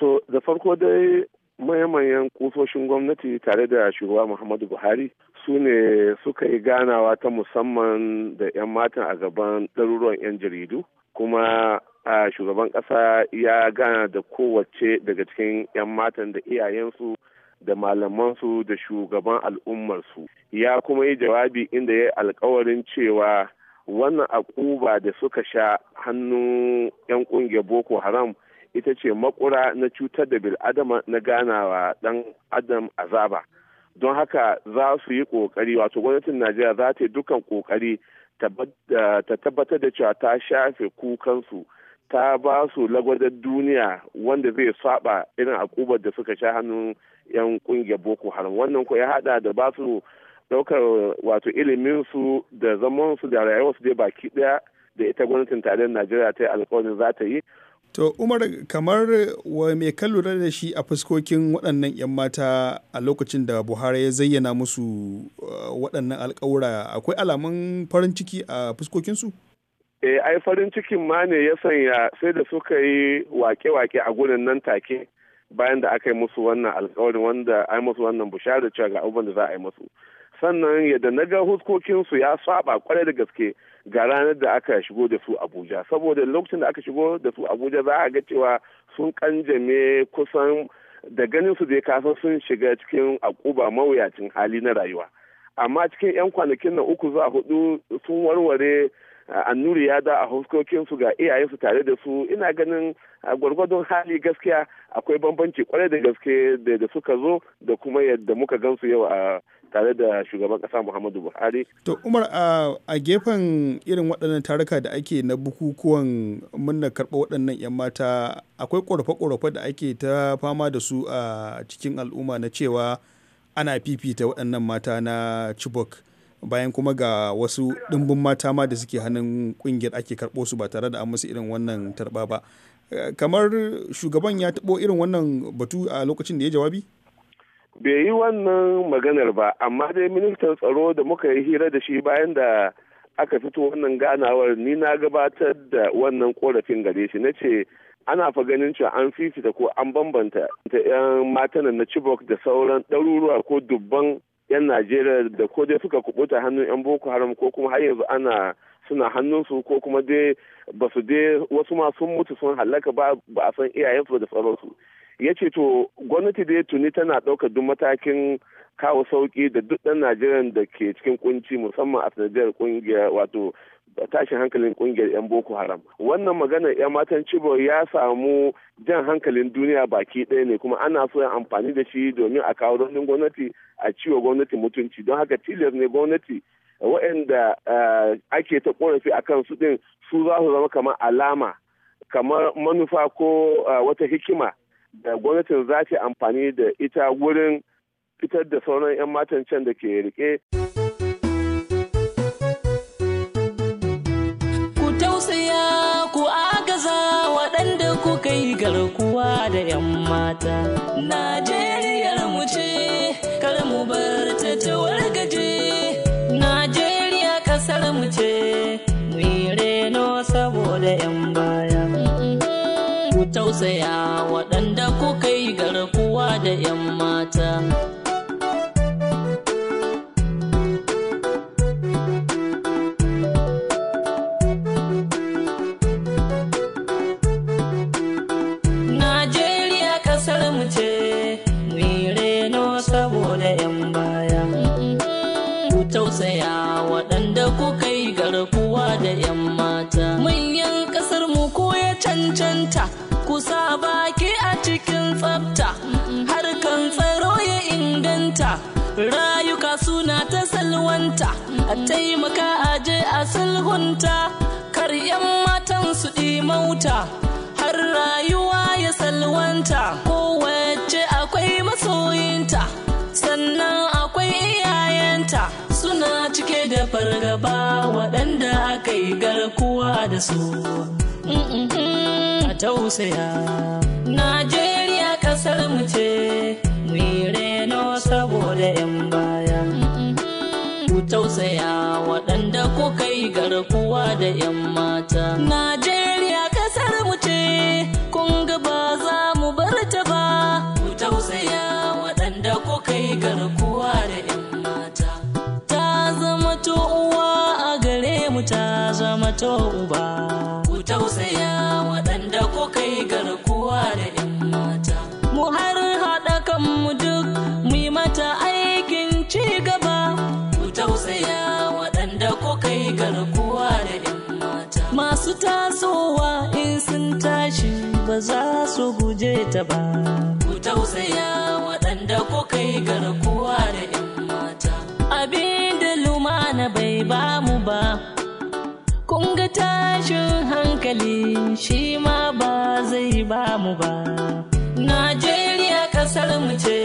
To da farko dai mayan kusoshin gwamnati tare da shugaba Muhammadu Buhari su ne suka yi ganawa ta musamman da 'yan matan a gaban ɗaruruwan 'yan jaridu kuma a shugaban ƙasa ya gana da kowace daga cikin 'yan matan da iyayensu da malamansu da shugaban al'ummarsu ya kuma yi jawabi inda ya yi alkawarin cewa wannan akuba da suka sha hannun 'yan ƙungiyar boko haram ita ce makura na cutar da bil'adama na ganawa dan adam azaba don haka za su yi kokari wato gwamnatin najeriya za ta yi dukan kokari ta tabbatar da cewa ta shafe kukansu ta ba su lagwadar duniya wanda zai saba irin akubar da suka sha hannun yan kungiyar boko haram wannan ko ya hada da ba su daukar wato iliminsu da zamansu da rayuwarsu dai baki daya da ita gwamnatin tarayyar najeriya ta yi alkawarin za ta yi To Umar kamar wa me ka lura da shi a fuskokin waɗannan 'yan mata a lokacin da Buhari ya zayyana musu uh, waɗannan alƙawura akwai alamun farin ciki a fuskokinsu? Eh ai farin cikin ma ne ya sanya sai da suka yi wake-wake a gurin nan take bayan da aka yi musu wannan alƙawarin wanda ai musu wannan bushara cewa ga abubuwan da za a yi musu. Sannan yadda na ga huskokinsu ya saba kwarai da gaske ga ranar da aka shigo da su abuja saboda lokacin da aka shigo da su abuja za a ga cewa sun kanjame kusan da ganin su zai kasa sun shiga cikin akuba mawuyacin hali na rayuwa amma cikin 'yan kwanakin na uku zuwa hudu sun warware eh, annuri ya da a huskokinsu ga iyayensu tare da su ina ganin eh, gwargwadon hali gaskiya akwai bambanci kwarai da gaske da suka zo da kuma yadda muka gansu yau a tare da shugaban kasa muhammadu buhari to umar a gefen irin waɗannan taruka da ake na bukukuwan muna karɓa waɗannan 'yan mata akwai ƙorafe-ƙorafe da ake ta fama da su a cikin al'umma na cewa ana fifita waɗannan mata na chibok bayan kuma ga wasu ɗimbin mata ma da suke hannun ƙungiyar ake karɓo su ba tare da an musu irin wannan tarba ba kamar shugaban ya taɓo irin wannan batu a lokacin da ya jawabi? bai yi wannan maganar ba amma dai ministan tsaro da muka yi hira da shi bayan da aka fito wannan ganawar ni na gabatar da wannan korafin gare shi na ce ana fa ganin cewa an fifita ko an bambanta ta 'yan matanan na chibok da sauran ɗaruruwa ko dubban 'yan najeriya da ko dai suka kubuta hannun 'yan boko haram ko kuma har yanzu ana suna hannunsu ko kuma dai ba dai wasu masu mutu sun halaka ba ba a san iyayensu da su ya ce to gwamnati da ya tuni tana ɗaukar duk matakin kawo sauki da duk ɗan najeriya da ke cikin kunci musamman a sanadiyar ƙungiyar wato tashin hankalin kungiyar 'yan boko haram wannan magana 'yan matan cibo ya samu jan hankalin duniya baki ɗaya ne kuma ana so amfani da shi domin a kawo raunin gwamnati a ciwo gwamnati mutunci don haka tilas ne gwamnati waɗanda eh, ake ta korafi a kan su ɗin su za su zama kamar alama kamar manufa ko eh, wata hikima da gwamnatin za ta amfani da ita wurin fitar da sauran 'yan matan can da ke rike. Ku tausaya ku agaza waɗanda ku kai garkuwa da 'yan mata. Najeriyar mu ce, kar mu bar ta ta wargaje. Najeriya ƙasar mu ce, mu reno saboda 'yan baya. tausaya waɗanda kuka yi garkuwa da 'yan mata. Najeriya ƙasar mu ce, mu reno saboda 'yan baya. Ku tausaya waɗanda kuka yi garkuwa da 'yan mata. Manyan ƙasar mu ko ya cancanta. kusa baki a cikin tsafta kan tsaro ya inganta rayuka suna ta salwanta a taimaka aje a sulhunta kar 'yan matan su mauta har rayuwa ya salwanta kowace akwai masoyinta sannan akwai iyayenta suna cike da fargaba waɗanda aka yi garkuwa da su. Mm, mm, mm. tausaya. Najeriya ƙasar mu ce, mu reno saboda 'yan baya. Ku tausaya waɗanda kuka yi garkuwa da 'yan mata. Najeriya ƙasar mu ce, kun ga ba za mu bar ta ba. Ku tausaya waɗanda kuka yi garkuwa da 'yan mata. Ta zama to uwa a gare mu ta zama to uba. Ku tausaya. mai garkuwa da 'yan mata. Mu har haɗa kanmu duk mu yi mata aikin ci gaba. Mu tausaya waɗanda ko kai garkuwa da 'yan mata. Masu tasowa in sun tashi ba za su guje ta ba. Mu tausaya waɗanda ko kai garkuwa da 'yan mata. Abin da lumana bai bamu ba. tashin hankali shi ma ba zai ba mu ba. Najeriya kasar mu ce,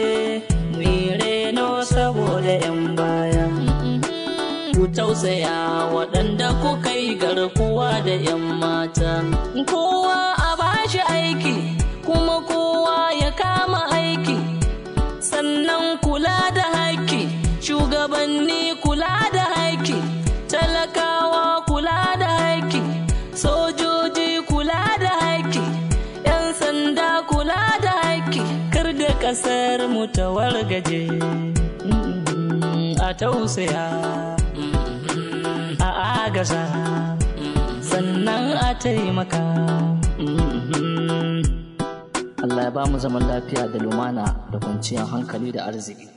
mu reno saboda 'yan baya. Ku tausaya waɗanda kuka yi garkuwa da 'yan mata. Kowa a bashi aiki kasar mu ta wargaje a tausaya a agaza sannan a taimaka Allah ya ba mu zaman lafiya da lumana da kwanciyar hankali da arziki